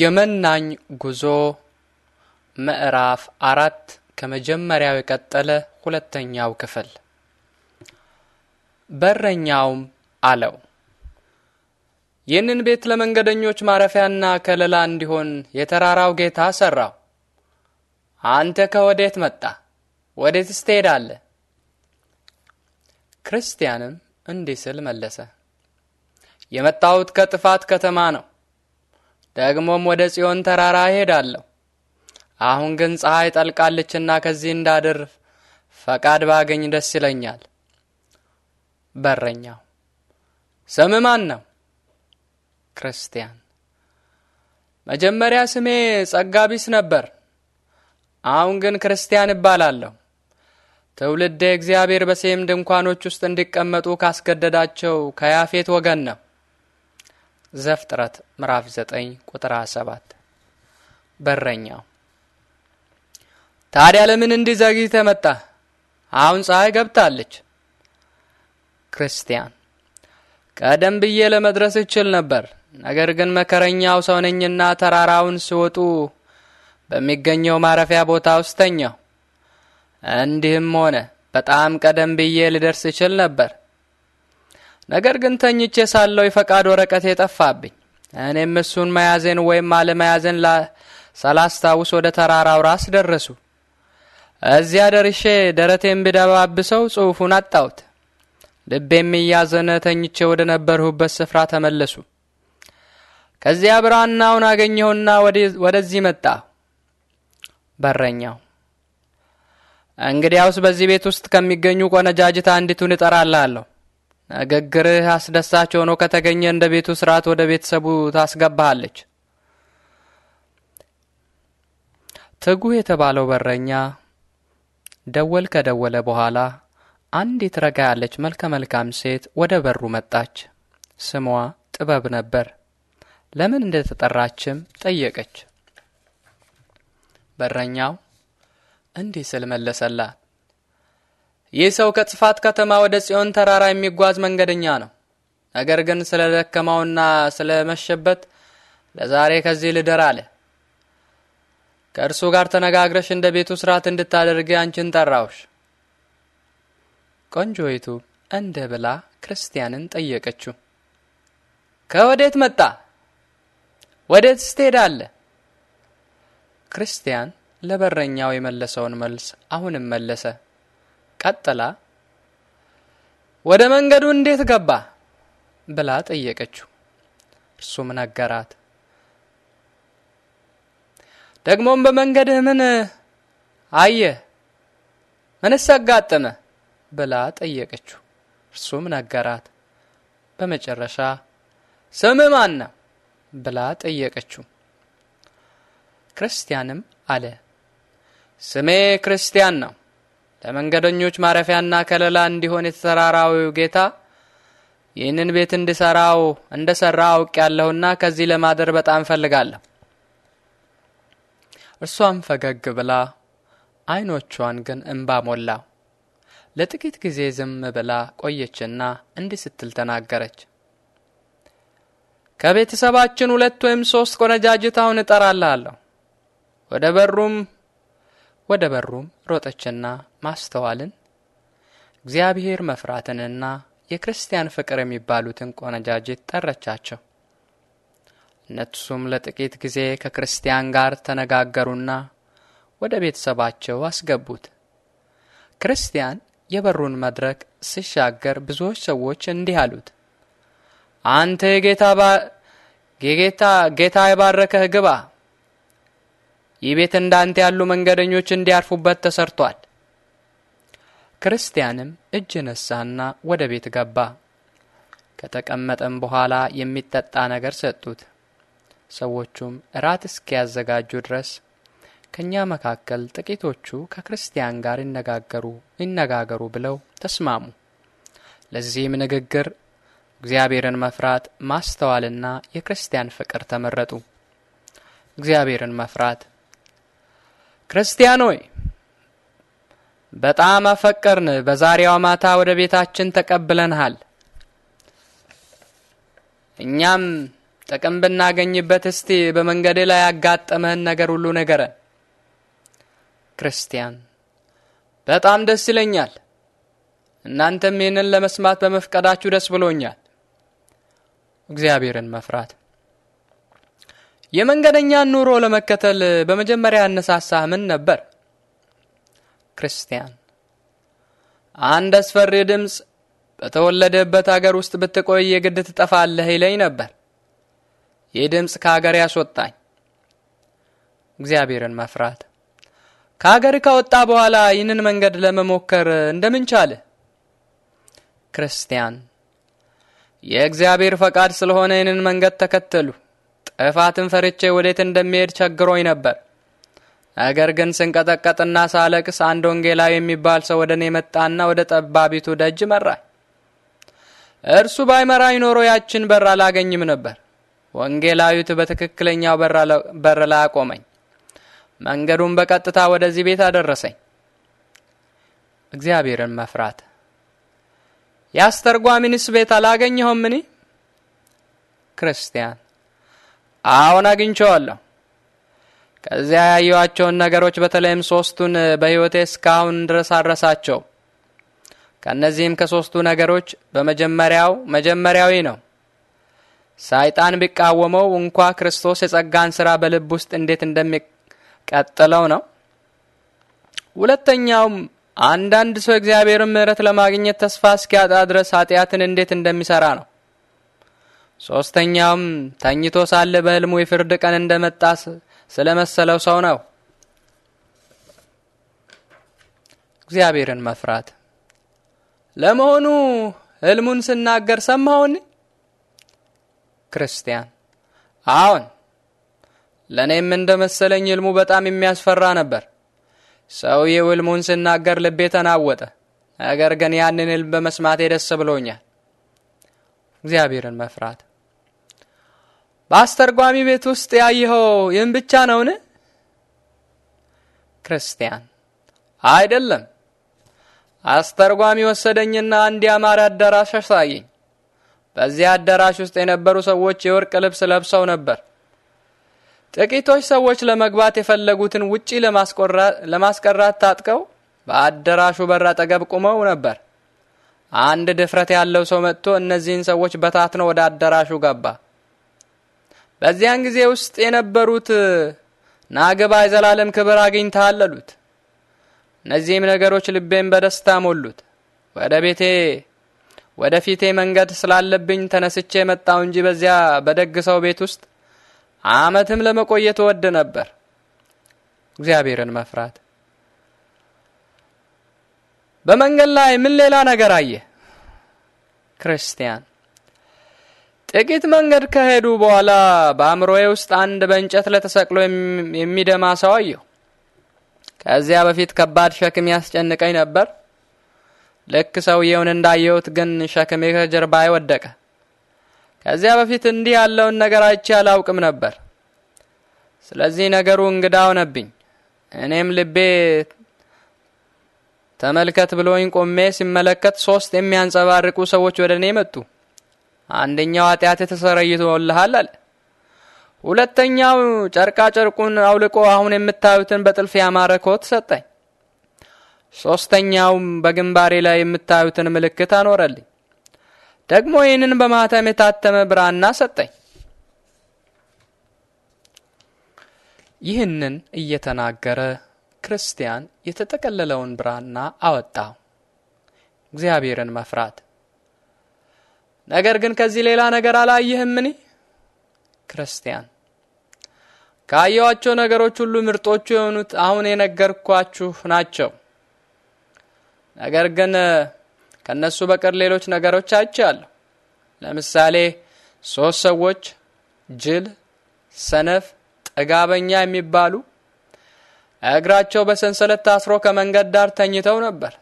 የመናኝ ጉዞ ምዕራፍ አራት ከመጀመሪያው የቀጠለ ሁለተኛው ክፍል። በረኛውም አለው ይህንን ቤት ለመንገደኞች ማረፊያና ከለላ እንዲሆን የተራራው ጌታ ሰራው። አንተ ከወዴት መጣ? ወዴትስ ትሄዳለህ? ክርስቲያንም እንዲህ ስል መለሰ፣ የመጣሁት ከጥፋት ከተማ ነው ደግሞም ወደ ጽዮን ተራራ እሄዳለሁ። አሁን ግን ፀሐይ ጠልቃለችና ከዚህ እንዳድር ፈቃድ ባገኝ ደስ ይለኛል። በረኛው ስም ማን ነው? ክርስቲያን መጀመሪያ ስሜ ጸጋቢስ ነበር። አሁን ግን ክርስቲያን እባላለሁ። ትውልዴ እግዚአብሔር በሴም ድንኳኖች ውስጥ እንዲቀመጡ ካስገደዳቸው ከያፌት ወገን ነው። ዘፍጥረት ምዕራፍ 9 ቁጥር 27 በረኛው ታዲያ ለምን እንዲህ ዘግይተህ መጣህ? አሁን ፀሐይ ገብታለች። ክርስቲያን ቀደም ብዬ ለመድረስ እችል ነበር፣ ነገር ግን መከረኛው ሰውነኝና ተራራውን ሲወጡ በሚገኘው ማረፊያ ቦታ ውስጥ ተኛው። እንዲህም ሆነ በጣም ቀደም ብዬ ልደርስ እችል ነበር ነገር ግን ተኝቼ ሳለው የፈቃድ ወረቀት የጠፋብኝ እኔም እሱን መያዜን ወይም አለመያዜን ሳላስታውስ ወደ ተራራው ራስ ደረሱ። እዚያ ደርሼ ደረቴን ብደባብሰው ጽሑፉን አጣሁት። ልቤም እያዘነ ተኝቼ ወደ ነበርሁበት ስፍራ ተመለሱ። ከዚያ ብራናውን አገኘሁና ወደዚህ መጣሁ። በረኛው እንግዲያውስ በዚህ ቤት ውስጥ ከሚገኙ ቆነጃጅት አንዲቱን እጠራላለሁ ንግግርህ አስደሳች ሆኖ ከተገኘ እንደ ቤቱ ስርዓት ወደ ቤተሰቡ ታስገባሃለች። ትጉህ የተባለው በረኛ ደወል ከደወለ በኋላ አንዲት ረጋ ያለች መልከ መልካም ሴት ወደ በሩ መጣች። ስሟ ጥበብ ነበር። ለምን እንደተጠራችም ጠየቀች። በረኛው እንዲህ ስል መለሰላት፣ ይህ ሰው ከጽፋት ከተማ ወደ ጽዮን ተራራ የሚጓዝ መንገደኛ ነው። ነገር ግን ስለ ደከማውና ስለ መሸበት ለዛሬ ከዚህ ልደር አለ። ከእርሱ ጋር ተነጋግረሽ እንደ ቤቱ ስርዓት እንድታደርግ አንቺን ጠራውሽ። ቆንጆይቱ እንደ ብላ ክርስቲያንን ጠየቀችው። ከወዴት መጣ? ወዴት ስትሄዳለ? ክርስቲያን ለበረኛው የመለሰውን መልስ አሁንም መለሰ። ቀጠለ። ወደ መንገዱ እንዴት ገባ ብላ ጠየቀችው። እርሱም ነገራት። ደግሞም በመንገድህ ምን አየ? ምንስ አጋጠመ? ብላ ጠየቀችው። እርሱም ነገራት። በመጨረሻ ስም ማን ነው? ብላ ጠየቀችው። ክርስቲያንም አለ ስሜ ክርስቲያን ነው። ለመንገደኞች ማረፊያና ከለላ እንዲሆን የተሰራራዊው ጌታ ይህንን ቤት እንድሰራው እንደ ሰራ አውቅ ያለሁና ከዚህ ለማደር በጣም ፈልጋለሁ። እርሷም ፈገግ ብላ አይኖቿን ግን እምባ ሞላው። ለጥቂት ጊዜ ዝም ብላ ቆየችና እንዲህ ስትል ተናገረች። ከቤተሰባችን ሁለት ወይም ሶስት ቆነጃጅታውን እጠራልሃለሁ። ወደ በሩም ወደ በሩም ሮጠችና ማስተዋልን እግዚአብሔር መፍራትንና የክርስቲያን ፍቅር የሚባሉትን ቆነጃጅት ጠረቻቸው። እነሱም ለጥቂት ጊዜ ከክርስቲያን ጋር ተነጋገሩና ወደ ቤተሰባቸው አስገቡት። ክርስቲያን የበሩን መድረክ ሲሻገር ብዙዎች ሰዎች እንዲህ አሉት፣ አንተ ጌታ የባረከህ ግባ። ይህ ቤት እንዳንተ ያሉ መንገደኞች እንዲያርፉበት ተሰርቷል። ክርስቲያንም እጅ ነሳና ወደ ቤት ገባ። ከተቀመጠም በኋላ የሚጠጣ ነገር ሰጡት። ሰዎቹም እራት እስኪያዘጋጁ ድረስ ከእኛ መካከል ጥቂቶቹ ከክርስቲያን ጋር ይነጋገሩ ይነጋገሩ ብለው ተስማሙ። ለዚህም ንግግር እግዚአብሔርን መፍራት ማስተዋልና የክርስቲያን ፍቅር ተመረጡ። እግዚአብሔርን መፍራት ክርስቲያን ሆይ በጣም አፈቀርን። በዛሬው ማታ ወደ ቤታችን ተቀብለንሃል። እኛም ጥቅም ብናገኝበት እስቲ በመንገድ ላይ ያጋጠመህን ነገር ሁሉ ንገረን። ክርስቲያን በጣም ደስ ይለኛል። እናንተም ይህንን ለመስማት በመፍቀዳችሁ ደስ ብሎኛል። እግዚአብሔርን መፍራት የመንገደኛን ኑሮ ለመከተል በመጀመሪያ ያነሳሳህ ምን ነበር? ክርስቲያን አንድ አስፈሪ ድምፅ በተወለደበት አገር ውስጥ ብትቆይ የግድ ትጠፋለህ ይለኝ ነበር። ይህ ድምፅ ከአገር ያስወጣኝ እግዚአብሔርን መፍራት ከአገር ከወጣ በኋላ ይህንን መንገድ ለመሞከር እንደምን ቻለ? ክርስቲያን የእግዚአብሔር ፈቃድ ስለሆነ ይህንን መንገድ ተከተሉ። ጥፋትን ፈርቼ ወዴት እንደሚሄድ ቸግሮኝ ነበር። ነገር ግን ስንቀጠቀጥና ሳለቅስ አንድ ወንጌላዊ የሚባል ሰው ወደ እኔ መጣና ወደ ጠባቢቱ ደጅ መራኝ። እርሱ ባይመራኝ ኖሮ ያችን በር አላገኝም ነበር። ወንጌላዊቱ በትክክለኛው በር ላይ አቆመኝ። መንገዱን በቀጥታ ወደዚህ ቤት አደረሰኝ። እግዚአብሔርን መፍራት የአስተርጓሚንስ ቤት አላገኘሁም? ክርስቲያን አሁን አግኝቼዋለሁ። ከዚያ ያየኋቸውን ነገሮች በተለይም ሶስቱን በሕይወቴ እስካሁን ድረስ አረሳቸው። ከእነዚህም ከሶስቱ ነገሮች በመጀመሪያው መጀመሪያዊ ነው። ሳይጣን ቢቃወመው እንኳ ክርስቶስ የጸጋን ሥራ በልብ ውስጥ እንዴት እንደሚቀጥለው ነው። ሁለተኛውም አንዳንድ ሰው እግዚአብሔርን ምሕረት ለማግኘት ተስፋ እስኪያጣ ድረስ ኃጢአትን እንዴት እንደሚሠራ ነው። ሶስተኛውም ተኝቶ ሳለ በሕልሙ የፍርድ ቀን እንደመጣ ስለመሰለው ሰው ነው። እግዚአብሔርን መፍራት ለመሆኑ ህልሙን ስናገር ሰማሁን ክርስቲያን አዎን፣ ለእኔም እንደ መሰለኝ ህልሙ በጣም የሚያስፈራ ነበር። ሰውዬው ህልሙን ስናገር ልቤ ተናወጠ። ነገር ግን ያንን ህልም በመስማቴ ደስ ብሎኛል። እግዚአብሔርን መፍራት በአስተርጓሚ ቤት ውስጥ ያየኸው ይህን ብቻ ነውን? ክርስቲያን አይደለም። አስተርጓሚ ወሰደኝና አንድ ያማረ አዳራሽ አሳየኝ። በዚያ አዳራሽ ውስጥ የነበሩ ሰዎች የወርቅ ልብስ ለብሰው ነበር። ጥቂቶች ሰዎች ለመግባት የፈለጉትን ውጪ ለማስቀራት ታጥቀው በአዳራሹ በር አጠገብ ቆመው ነበር። አንድ ድፍረት ያለው ሰው መጥቶ እነዚህን ሰዎች በታትነው ወደ አዳራሹ ገባ። በዚያን ጊዜ ውስጥ የነበሩት ናገባ የዘላለም ክብር አግኝታ አለሉት። እነዚህም ነገሮች ልቤን በደስታ ሞሉት። ወደ ቤቴ ወደ ፊቴ መንገድ ስላለብኝ ተነስቼ መጣው እንጂ በዚያ በደግ ሰው ቤት ውስጥ አመትም ለመቆየት ወድ ነበር። እግዚአብሔርን መፍራት በመንገድ ላይ ምን ሌላ ነገር አየ ክርስቲያን ጥቂት መንገድ ከሄዱ በኋላ በአእምሮዬ ውስጥ አንድ በእንጨት ላይ ተሰቅሎ የሚደማ ሰው አየሁ። ከዚያ በፊት ከባድ ሸክም ያስጨንቀኝ ነበር። ልክ ሰውየውን እንዳየሁት ግን ሸክሜ ከጀርባዬ ወደቀ። ከዚያ በፊት እንዲህ ያለውን ነገር አይቼ አላውቅም ነበር። ስለዚህ ነገሩ እንግዳ ሆነብኝ። እኔም ልቤ ተመልከት ብሎኝ ቆሜ ሲመለከት ሶስት የሚያንጸባርቁ ሰዎች ወደ እኔ መጡ። አንደኛው ኃጢአት ተሰረይቶልሃል አለ። ሁለተኛው ጨርቃ ጨርቁን አውልቆ አሁን የምታዩትን በጥልፍ ያማረ ኮት ሰጠኝ። ሶስተኛውም በግንባሬ ላይ የምታዩትን ምልክት አኖረልኝ። ደግሞ ይህንን በማተም የታተመ ብራና ሰጠኝ። ይህንን እየተናገረ ክርስቲያን የተጠቀለለውን ብራና አወጣው። እግዚአብሔርን መፍራት ነገር ግን ከዚህ ሌላ ነገር አላየህምን? ክርስቲያን ካየኋቸው ነገሮች ሁሉ ምርጦቹ የሆኑት አሁን የነገርኳችሁ ናቸው። ነገር ግን ከነሱ በቀር ሌሎች ነገሮች አይቻለሁ። ለምሳሌ ሶስት ሰዎች ጅል፣ ሰነፍ፣ ጥጋበኛ የሚባሉ እግራቸው በሰንሰለት ታስሮ ከመንገድ ዳር ተኝተው ነበር።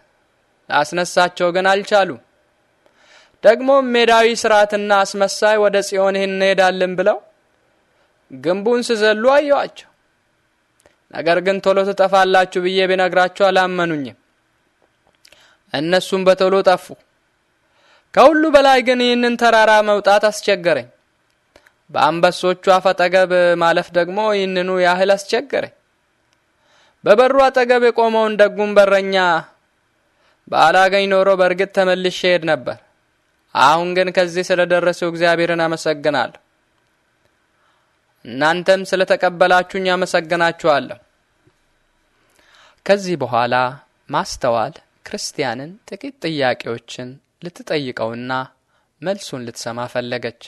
ላስነሳቸው ግን አልቻሉም። ደግሞም ሜዳዊ ስርዓትና አስመሳይ ወደ ጽዮን ይህን እንሄዳለን ብለው ግንቡን ስዘሉ አየዋቸው። ነገር ግን ቶሎ ትጠፋላችሁ ብዬ ቢነግራቸው አላመኑኝም። እነሱም በቶሎ ጠፉ። ከሁሉ በላይ ግን ይህንን ተራራ መውጣት አስቸገረኝ። በአንበሶቹ አፍ አጠገብ ማለፍ ደግሞ ይህንኑ ያህል አስቸገረኝ። በበሩ አጠገብ የቆመውን ደጉን በረኛ ባላገኝ ኖሮ በእርግጥ ተመልሼ ሄድ ነበር። አሁን ግን ከዚህ ስለደረሰው እግዚአብሔርን አመሰግናለሁ። እናንተም ተቀበላችሁኝ አመሰግናችኋለሁ። ከዚህ በኋላ ማስተዋል ክርስቲያንን ጥቂት ጥያቄዎችን ልትጠይቀውና መልሱን ልትሰማ ፈለገች።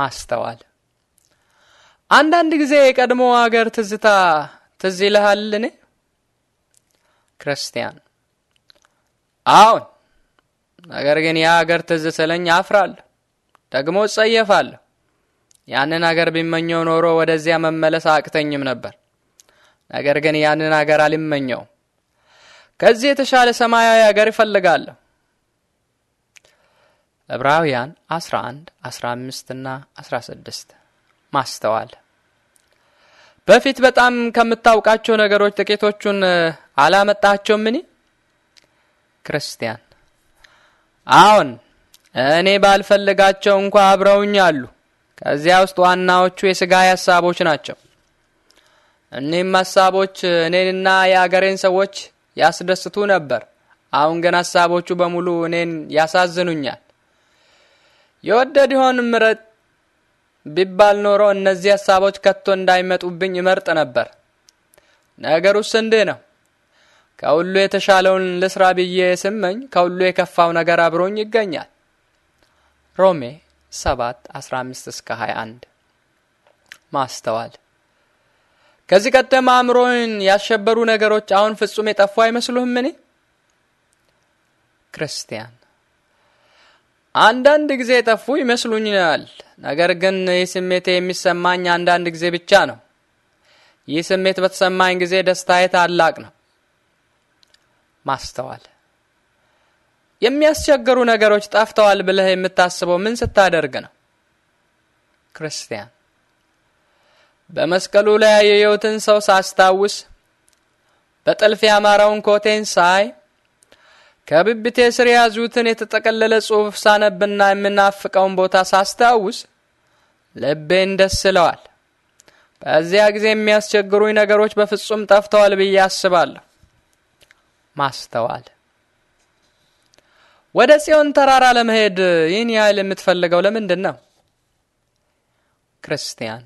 ማስተዋል አንዳንድ ጊዜ የቀድሞ አገር ትዝታ ትዝ ይልሃልን? ክርስቲያን አሁን ነገር ግን ያ አገር ትዝ ስለኝ አፍራለሁ፣ ደግሞ እጸየፋለሁ። ያንን አገር ቢመኘው ኖሮ ወደዚያ መመለስ አቅተኝም ነበር። ነገር ግን ያንን አገር አልመኘውም። ከዚህ የተሻለ ሰማያዊ አገር ይፈልጋለሁ። ዕብራውያን 11 15 እና 16 ማስተዋል በፊት በጣም ከምታውቃቸው ነገሮች ጥቂቶቹን አላመጣቸውም? ምን ክርስቲያን አሁን እኔ ባልፈልጋቸው እንኳ አብረውኝ አሉ። ከዚያ ውስጥ ዋናዎቹ የስጋ ሀሳቦች ናቸው። እኒህም ሀሳቦች እኔንና የአገሬን ሰዎች ያስደስቱ ነበር። አሁን ግን ሀሳቦቹ በሙሉ እኔን ያሳዝኑኛል። የወደድ ይሆን ምረጥ ቢባል ኖሮ እነዚህ ሀሳቦች ከቶ እንዳይመጡብኝ ይመርጥ ነበር። ነገሩስ እንዲህ ነው። ከሁሉ የተሻለውን ልስራ ብዬ ስመኝ ከሁሉ የከፋው ነገር አብሮኝ ይገኛል። ሮሜ 7 15 እስከ 21 ማስተዋል ከዚህ ቀደም አእምሮን ያሸበሩ ነገሮች አሁን ፍጹም የጠፉ አይመስሉህምን? ክርስቲያን አንዳንድ ጊዜ የጠፉ ይመስሉኛል። ነገር ግን ይህ ስሜቴ የሚሰማኝ አንዳንድ ጊዜ ብቻ ነው። ይህ ስሜት በተሰማኝ ጊዜ ደስታዬ ታላቅ ነው። ማስተዋል የሚያስቸግሩ ነገሮች ጠፍተዋል ብለህ የምታስበው ምን ስታደርግ ነው? ክርስቲያን በመስቀሉ ላይ ያየሁትን ሰው ሳስታውስ፣ በጥልፍ ያማረውን ኮቴን ሳይ፣ ከብብቴ ስር የያዙትን የተጠቀለለ ጽሑፍ ሳነብና የምናፍቀውን ቦታ ሳስታውስ ልቤን ደስ ይለዋል። በዚያ ጊዜ የሚያስቸግሩኝ ነገሮች በፍጹም ጠፍተዋል ብዬ አስባለሁ። ማስተዋል ወደ ጽዮን ተራራ ለመሄድ ይህን ያህል የምትፈልገው ለምንድን ነው? ክርስቲያን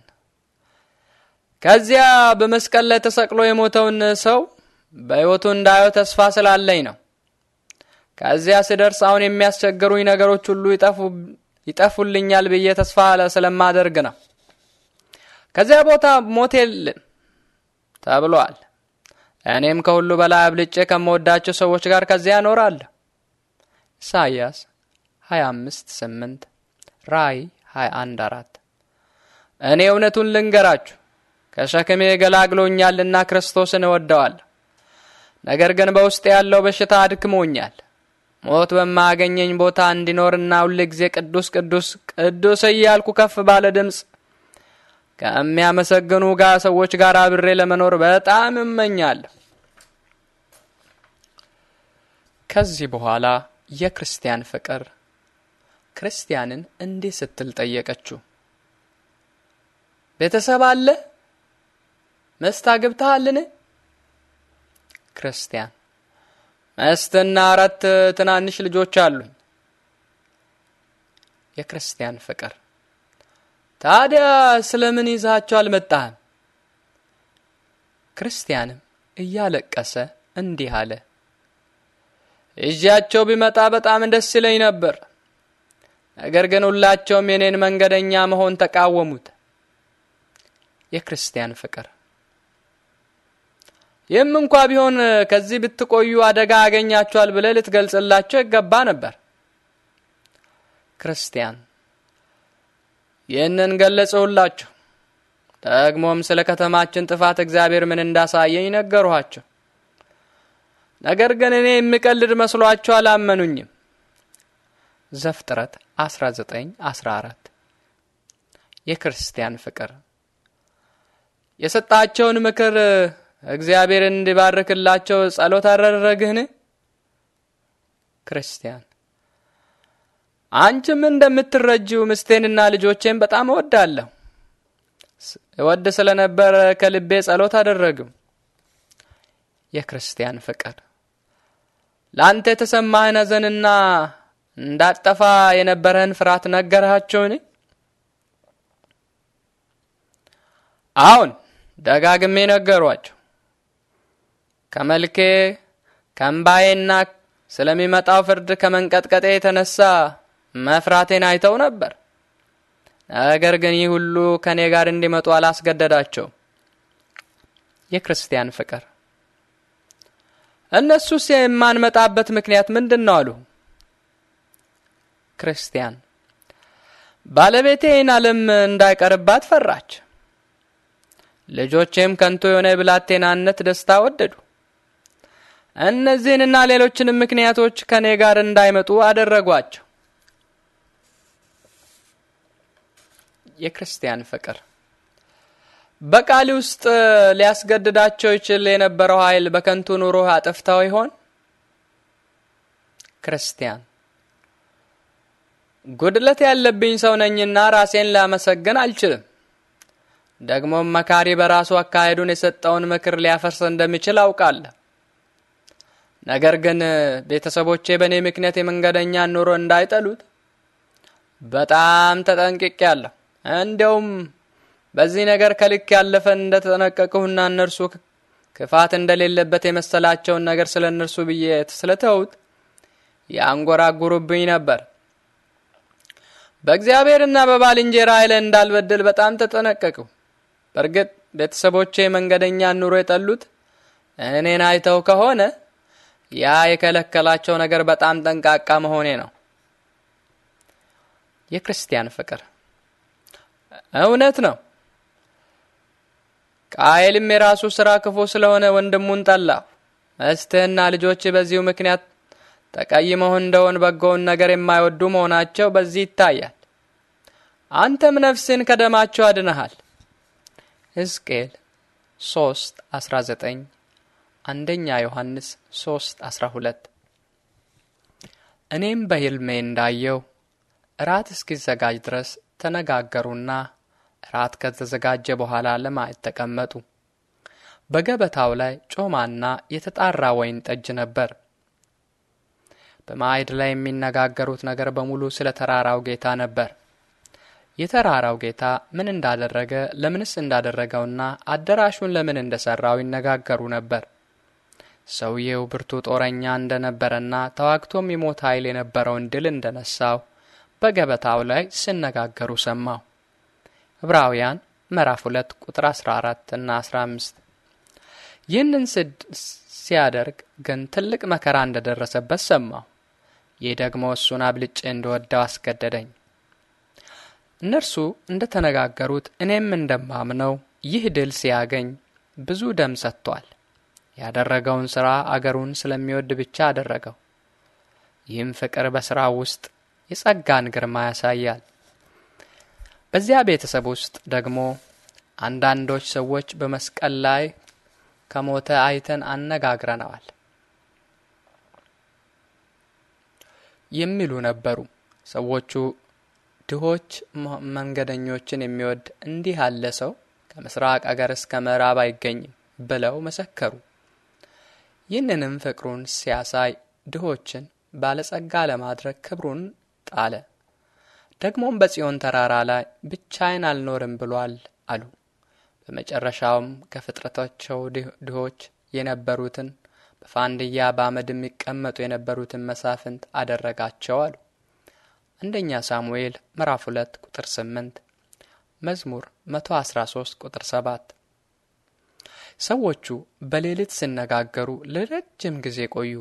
ከዚያ በመስቀል ላይ ተሰቅሎ የሞተውን ሰው በሕይወቱ እንዳየው ተስፋ ስላለኝ ነው። ከዚያ ስደርስ አሁን የሚያስቸግሩኝ ነገሮች ሁሉ ይጠፉልኛል ብዬ ተስፋ ስለማደርግ ነው። ከዚያ ቦታ ሞቴል ተብሏል። እኔም ከሁሉ በላይ አብልጬ ከምወዳቸው ሰዎች ጋር ከዚያ እኖራለሁ። ኢሳይያስ 25 8 ራይ 21 4 እኔ እውነቱን ልንገራችሁ ከሸክሜ ገላግሎኛልና ክርስቶስን እወደዋለሁ። ነገር ግን በውስጥ ያለው በሽታ አድክሞኛል። ሞት በማያገኘኝ ቦታ እንዲኖርና ጊዜ ቅዱስ ቅዱስ ቅዱስ እያልኩ ከፍ ባለ ድምፅ ከሚያመሰግኑ ጋር ሰዎች ጋር አብሬ ለመኖር በጣም እመኛለሁ። ከዚህ በኋላ የክርስቲያን ፍቅር ክርስቲያንን እንዲህ ስትል ጠየቀችው። ቤተሰብ አለ? መስት አግብተሃልን? ክርስቲያን መስትና አራት ትናንሽ ልጆች አሉኝ። የክርስቲያን ፍቅር ታዲያ ስለምን ይዛቸው አልመጣህም? ክርስቲያንም እያለቀሰ እንዲህ አለ። ይዣቸው ቢመጣ በጣም ደስ ይለኝ ነበር። ነገር ግን ሁላቸውም የኔን መንገደኛ መሆን ተቃወሙት። የክርስቲያን ፍቅር ይህም እንኳ ቢሆን ከዚህ ብትቆዩ አደጋ ያገኛችኋል ብለህ ልትገልጽላቸው ይገባ ነበር። ክርስቲያን ይህንን ገለጽሁላችሁ። ደግሞም ስለ ከተማችን ጥፋት እግዚአብሔር ምን እንዳሳየኝ ነገሩኋቸው? ነገር ግን እኔ የምቀልድ መስሏቸው አላመኑኝም። ዘፍጥረት 1914 የክርስቲያን ፍቅር የሰጣቸውን ምክር እግዚአብሔር እንዲባርክላቸው ጸሎት አደረግህን? ክርስቲያን አንቺም እንደምትረጂው ምስቴንና ልጆቼን በጣም እወዳለሁ። እወድ ስለነበረ ከልቤ ጸሎት አደረግም። የክርስቲያን ፍቅር ለአንተ የተሰማህን ሐዘንና እንዳጠፋ የነበረህን ፍርሃት ነገርሃቸውን? አሁን ደጋግሜ ነገሯቸው። ከመልኬ ከእምባዬና ስለሚመጣው ፍርድ ከመንቀጥቀጤ የተነሳ መፍራቴን አይተው ነበር። ነገር ግን ይህ ሁሉ ከእኔ ጋር እንዲመጡ አላስገደዳቸው። የክርስቲያን ፍቅር እነሱስ የማንመጣበት ምክንያት ምንድን ነው አሉ። ክርስቲያን ባለቤቴ ይህን ዓለም እንዳይቀርባት ፈራች። ልጆቼም ከንቱ የሆነ የብላቴናነት ደስታ ወደዱ። እነዚህንና ሌሎችንም ምክንያቶች ከእኔ ጋር እንዳይመጡ አደረጓቸው። የክርስቲያን ፍቅር በቃል ውስጥ ሊያስገድዳቸው ይችል የነበረው ኃይል በከንቱ ኑሮ አጥፍተው ይሆን? ክርስቲያን ጉድለት ያለብኝ ሰው ነኝና ራሴን ላመሰግን አልችልም። ደግሞም መካሪ በራሱ አካሄዱን የሰጠውን ምክር ሊያፈርስ እንደሚችል አውቃለሁ። ነገር ግን ቤተሰቦቼ በእኔ ምክንያት የመንገደኛ ኑሮ እንዳይጠሉት በጣም ተጠንቅቄ ያለሁ። እንደውም በዚህ ነገር ከልክ ያለፈን እንደተጠነቀቅሁና እነርሱ ክፋት እንደሌለበት የመሰላቸውን ነገር ስለ እነርሱ ብዬ ስለተውት ያንጎራጉሩብኝ ነበር። በእግዚአብሔርና በባልንጀራ አይለ እንዳልበድል በጣም ተጠነቀቅሁ። በእርግጥ ቤተሰቦቼ መንገደኛ ኑሮ የጠሉት እኔን አይተው ከሆነ ያ የከለከላቸው ነገር በጣም ጠንቃቃ መሆኔ ነው። የክርስቲያን ፍቅር እውነት ነው። ቃየልም የራሱ ስራ ክፉ ስለሆነ ወንድሙን ጠላ። መስትህና ልጆች በዚሁ ምክንያት ተቀይመው እንደሆን በጎውን ነገር የማይወዱ መሆናቸው በዚህ ይታያል። አንተም ነፍስን ከደማቸው አድነሃል። ሕዝቅኤል 3 19 አንደኛ ዮሐንስ 3 12 እኔም በሕልሜ እንዳየው እራት እስኪዘጋጅ ድረስ ተነጋገሩና እራት ከተዘጋጀ በኋላ ለማየት ተቀመጡ። በገበታው ላይ ጮማና የተጣራ ወይን ጠጅ ነበር። በማዕድ ላይ የሚነጋገሩት ነገር በሙሉ ስለ ተራራው ጌታ ነበር። የተራራው ጌታ ምን እንዳደረገ፣ ለምንስ እንዳደረገውና አዳራሹን ለምን እንደሰራው ይነጋገሩ ነበር። ሰውየው ብርቱ ጦረኛ እንደነበረና ተዋግቶም የሞት ኃይል የነበረውን ድል እንደነሳው በገበታው ላይ ሲነጋገሩ ሰማው። ዕብራውያን ምዕራፍ 2 ቁጥር 14 እና 15። ይህንን ሲያደርግ ግን ትልቅ መከራ እንደደረሰበት ሰማሁ። ይህ ደግሞ እሱን አብልጬ እንደወደው አስገደደኝ። እነርሱ እንደ ተነጋገሩት እኔም እንደማምነው ይህ ድል ሲያገኝ ብዙ ደም ሰጥቷል። ያደረገውን ሥራ አገሩን ስለሚወድ ብቻ አደረገው። ይህም ፍቅር በሥራው ውስጥ የጸጋን ግርማ ያሳያል። በዚያ ቤተሰብ ውስጥ ደግሞ አንዳንዶች ሰዎች በመስቀል ላይ ከሞተ አይተን አነጋግረነዋል የሚሉ ነበሩ። ሰዎቹ ድሆች፣ መንገደኞችን የሚወድ እንዲህ ያለ ሰው ከምስራቅ አገር እስከ ምዕራብ አይገኝም ብለው መሰከሩ። ይህንንም ፍቅሩን ሲያሳይ ድሆችን ባለጸጋ ለማድረግ ክብሩን ጣለ። ደግሞም በጽዮን ተራራ ላይ ብቻዬን አልኖርም ብሏል አሉ። በመጨረሻውም ከፍጥረታቸው ድሆች የነበሩትን በፋንድያ በአመድም ይቀመጡ የነበሩትን መሳፍንት አደረጋቸው አሉ። አንደኛ ሳሙኤል ምዕራፍ 2 ቁጥር 8 መዝሙር 113 ቁጥር 7 ሰዎቹ በሌሊት ሲነጋገሩ ለረጅም ጊዜ ቆዩ።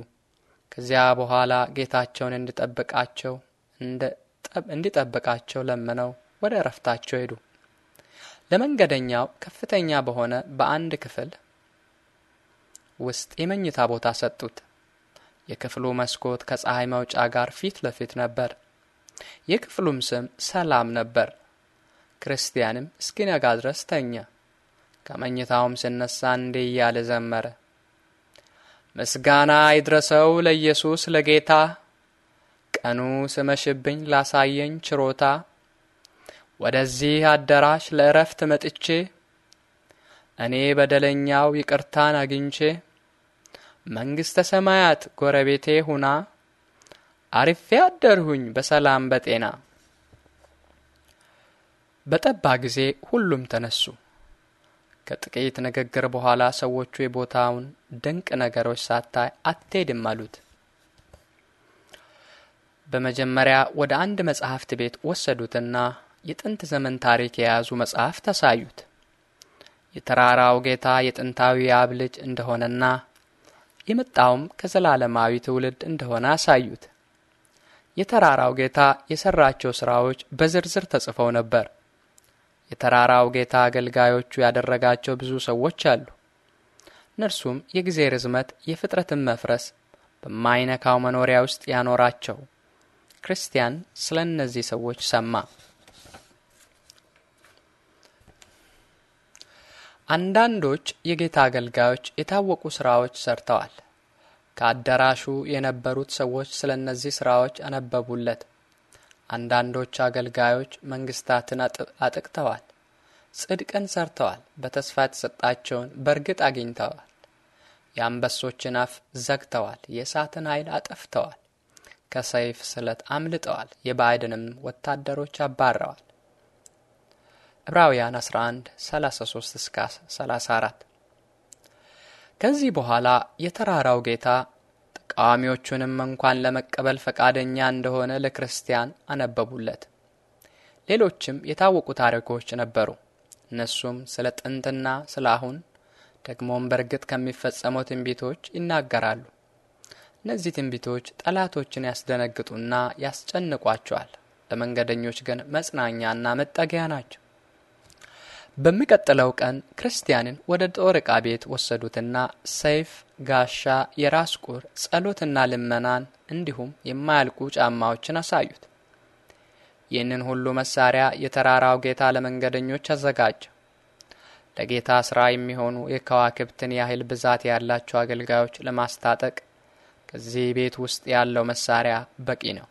ከዚያ በኋላ ጌታቸውን እንዲጠብቃቸው እንደ እንዲጠብቃቸው ለምነው ወደ እረፍታቸው ሄዱ። ለመንገደኛው ከፍተኛ በሆነ በአንድ ክፍል ውስጥ የመኝታ ቦታ ሰጡት። የክፍሉ መስኮት ከፀሐይ መውጫ ጋር ፊት ለፊት ነበር። የክፍሉም ስም ሰላም ነበር። ክርስቲያንም እስኪነጋ ድረስ ተኛ። ከመኝታውም ሲነሳ እንዴ እያለ ዘመረ፣ ምስጋና ይድረሰው ለኢየሱስ ለጌታ በየቀኑ ስመሽብኝ ላሳየኝ ችሮታ ወደዚህ አዳራሽ ለእረፍት መጥቼ እኔ በደለኛው ይቅርታን አግኝቼ መንግሥተ ሰማያት ጎረቤቴ ሁና አሪፌ አደርሁኝ በሰላም በጤና። በጠባ ጊዜ ሁሉም ተነሱ። ከጥቂት ንግግር በኋላ ሰዎቹ የቦታውን ድንቅ ነገሮች ሳታይ አትሄድም አሉት። በመጀመሪያ ወደ አንድ መጽሐፍት ቤት ወሰዱትና የጥንት ዘመን ታሪክ የያዙ መጽሐፍት አሳዩት። የተራራው ጌታ የጥንታዊ የአብ ልጅ እንደሆነና የመጣውም ከዘላለማዊ ትውልድ እንደሆነ አሳዩት። የተራራው ጌታ የሰራቸው ስራዎች በዝርዝር ተጽፈው ነበር። የተራራው ጌታ አገልጋዮቹ ያደረጋቸው ብዙ ሰዎች አሉ። እነርሱም የጊዜ ርዝመት፣ የፍጥረትን መፍረስ በማይነካው መኖሪያ ውስጥ ያኖራቸው ክርስቲያን ስለ እነዚህ ሰዎች ሰማ። አንዳንዶች የጌታ አገልጋዮች የታወቁ ስራዎች ሰርተዋል። ከአዳራሹ የነበሩት ሰዎች ስለ እነዚህ ስራዎች አነበቡለት። አንዳንዶች አገልጋዮች መንግስታትን አጥቅተዋል፣ ጽድቅን ሰርተዋል፣ በተስፋ የተሰጣቸውን በእርግጥ አግኝተዋል፣ የአንበሶችን አፍ ዘግተዋል፣ የእሳትን ኃይል አጠፍተዋል፣ ከሰይፍ ስለት አምልጠዋል፣ የባዕድንም ወታደሮች አባረዋል። ዕብራውያን 11 33 እስከ 34 ከዚህ በኋላ የተራራው ጌታ ተቃዋሚዎቹንም እንኳን ለመቀበል ፈቃደኛ እንደሆነ ለክርስቲያን አነበቡለት። ሌሎችም የታወቁ ታሪኮች ነበሩ። እነሱም ስለ ጥንትና ስለ አሁን ደግሞም በእርግጥ ከሚፈጸሙ ትንቢቶች ይናገራሉ። እነዚህ ትንቢቶች ጠላቶችን ያስደነግጡና ያስጨንቋቸዋል፣ ለመንገደኞች ግን መጽናኛና መጠጊያ ናቸው። በሚቀጥለው ቀን ክርስቲያንን ወደ ጦር ዕቃ ቤት ወሰዱትና ሰይፍ፣ ጋሻ፣ የራስ ቁር፣ ጸሎትና ልመናን እንዲሁም የማያልቁ ጫማዎችን አሳዩት። ይህንን ሁሉ መሳሪያ የተራራው ጌታ ለመንገደኞች አዘጋጀ። ለጌታ ሥራ የሚሆኑ የከዋክብትን ያህል ብዛት ያላቸው አገልጋዮች ለማስታጠቅ ከዚህ ቤት ውስጥ ያለው መሳሪያ በቂ ነው።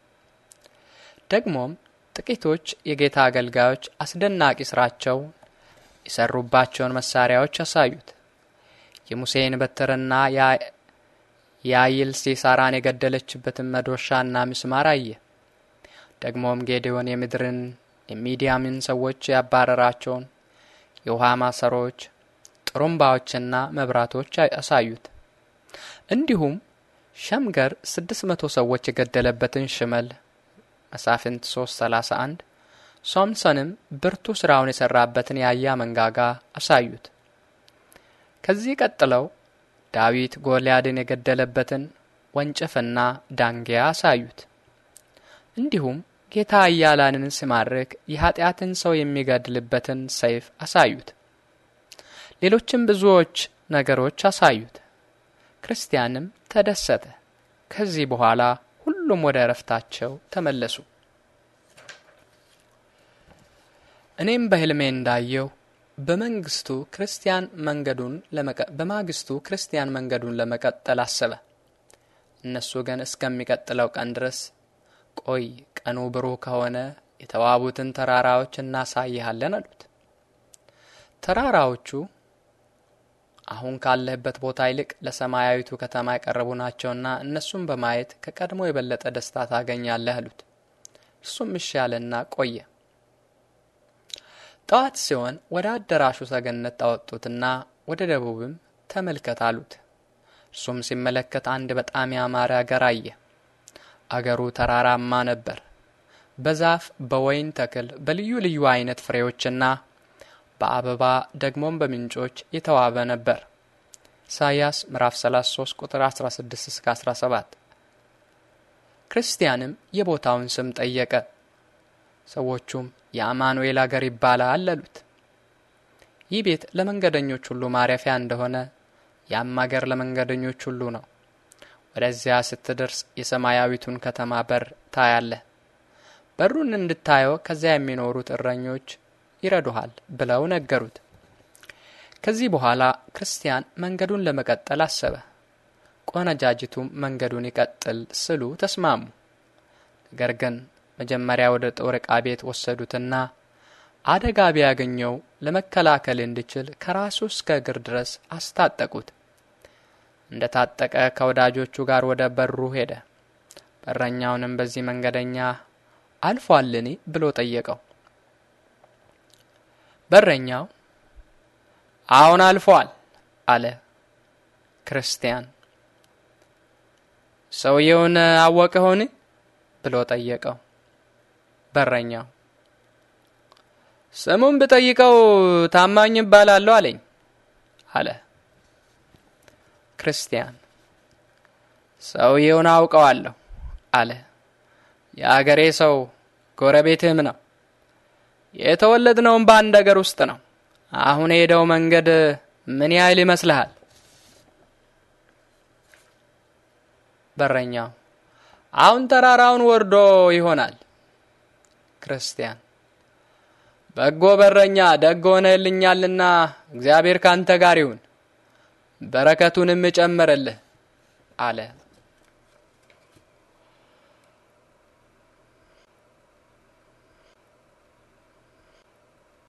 ደግሞም ጥቂቶች የጌታ አገልጋዮች አስደናቂ ስራቸው የሰሩባቸውን መሳሪያዎች ያሳዩት። የሙሴን በትርና የአይል ሲሳራን የገደለችበትን መዶሻና ምስማር አየ። ደግሞም ጌዴዎን የምድርን የሚዲያምን ሰዎች ያባረራቸውን የውሃ ማሰሮዎች፣ ጥሩምባዎችና መብራቶች አሳዩት። እንዲሁም ሸምገር 600 ሰዎች የገደለበትን ሽመል መሳፍንት 331 ሶምሰንም ብርቱ ሥራውን የሠራበትን የአያ መንጋጋ አሳዩት። ከዚህ ቀጥለው ዳዊት ጎልያድን የገደለበትን ወንጨፍና ዳንጊያ አሳዩት። እንዲሁም ጌታ አያላንን ሲማርክ የኀጢአትን ሰው የሚገድልበትን ሰይፍ አሳዩት። ሌሎችም ብዙዎች ነገሮች አሳዩት። ክርስቲያንም ተደሰተ። ከዚህ በኋላ ሁሉም ወደ እረፍታቸው ተመለሱ። እኔም በህልሜ እንዳየው በመንግስቱ ክርስቲያን መንገዱን በማግስቱ ክርስቲያን መንገዱን ለመቀጠል አሰበ። እነሱ ግን እስከሚቀጥለው ቀን ድረስ ቆይ፣ ቀኑ ብሩህ ከሆነ የተዋቡትን ተራራዎች እናሳይሃለን አሉት። ተራራዎቹ አሁን ካለህበት ቦታ ይልቅ ለሰማያዊቱ ከተማ የቀረቡ ናቸውና እነሱም በማየት ከቀድሞ የበለጠ ደስታ ታገኛለህ አሉት። እርሱም እሺ ያለና ቆየ። ጠዋት ሲሆን ወደ አዳራሹ ሰገነት አወጡትና ወደ ደቡብም ተመልከት አሉት። እርሱም ሲመለከት አንድ በጣም ያማረ አገር አየ። አገሩ ተራራማ ነበር። በዛፍ በወይን ተክል በልዩ ልዩ አይነት ፍሬዎችና በአበባ ደግሞም በምንጮች የተዋበ ነበር። ኢሳይያስ ምዕራፍ 33 ቁጥር 16 እስከ 17። ክርስቲያንም የቦታውን ስም ጠየቀ። ሰዎቹም የአማኑኤል አገር ይባላል አሉት። ይህ ቤት ለመንገደኞች ሁሉ ማረፊያ እንደሆነ ያም አገር ለመንገደኞች ሁሉ ነው። ወደዚያ ስትደርስ የሰማያዊቱን ከተማ በር ታያለህ። በሩን እንድታየው ከዚያ የሚኖሩት እረኞች ይረዱሃል ብለው ነገሩት። ከዚህ በኋላ ክርስቲያን መንገዱን ለመቀጠል አሰበ። ቆነጃጅቱም መንገዱን ይቀጥል ስሉ ተስማሙ። ነገር ግን መጀመሪያ ወደ ጦር ዕቃ ቤት ወሰዱትና አደጋ ቢያገኘው ለመከላከል እንዲችል ከራሱ እስከ እግር ድረስ አስታጠቁት። እንደ ታጠቀ ከወዳጆቹ ጋር ወደ በሩ ሄደ። በረኛውንም በዚህ መንገደኛ አልፏልን ብሎ ጠየቀው። በረኛው አሁን አልፏል አለ። ክርስቲያን ሰውየውን አወቀ ሆን ብሎ ጠየቀው። በረኛው ስሙን ብጠይቀው ታማኝ እባላለሁ አለኝ አለ። ክርስቲያን ሰውየውን አውቀዋለሁ አለ። የአገሬ ሰው ጎረቤትህም ነው የተወለድነውም በአንድ አገር ውስጥ ነው። አሁን የሄደው መንገድ ምን ያህል ይመስልሃል? በረኛው አሁን ተራራውን ወርዶ ይሆናል። ክርስቲያን በጎ በረኛ ደግ ሆነልኛልና እግዚአብሔር ካንተ ጋር ይሁን በረከቱንም እጨምርልህ አለ።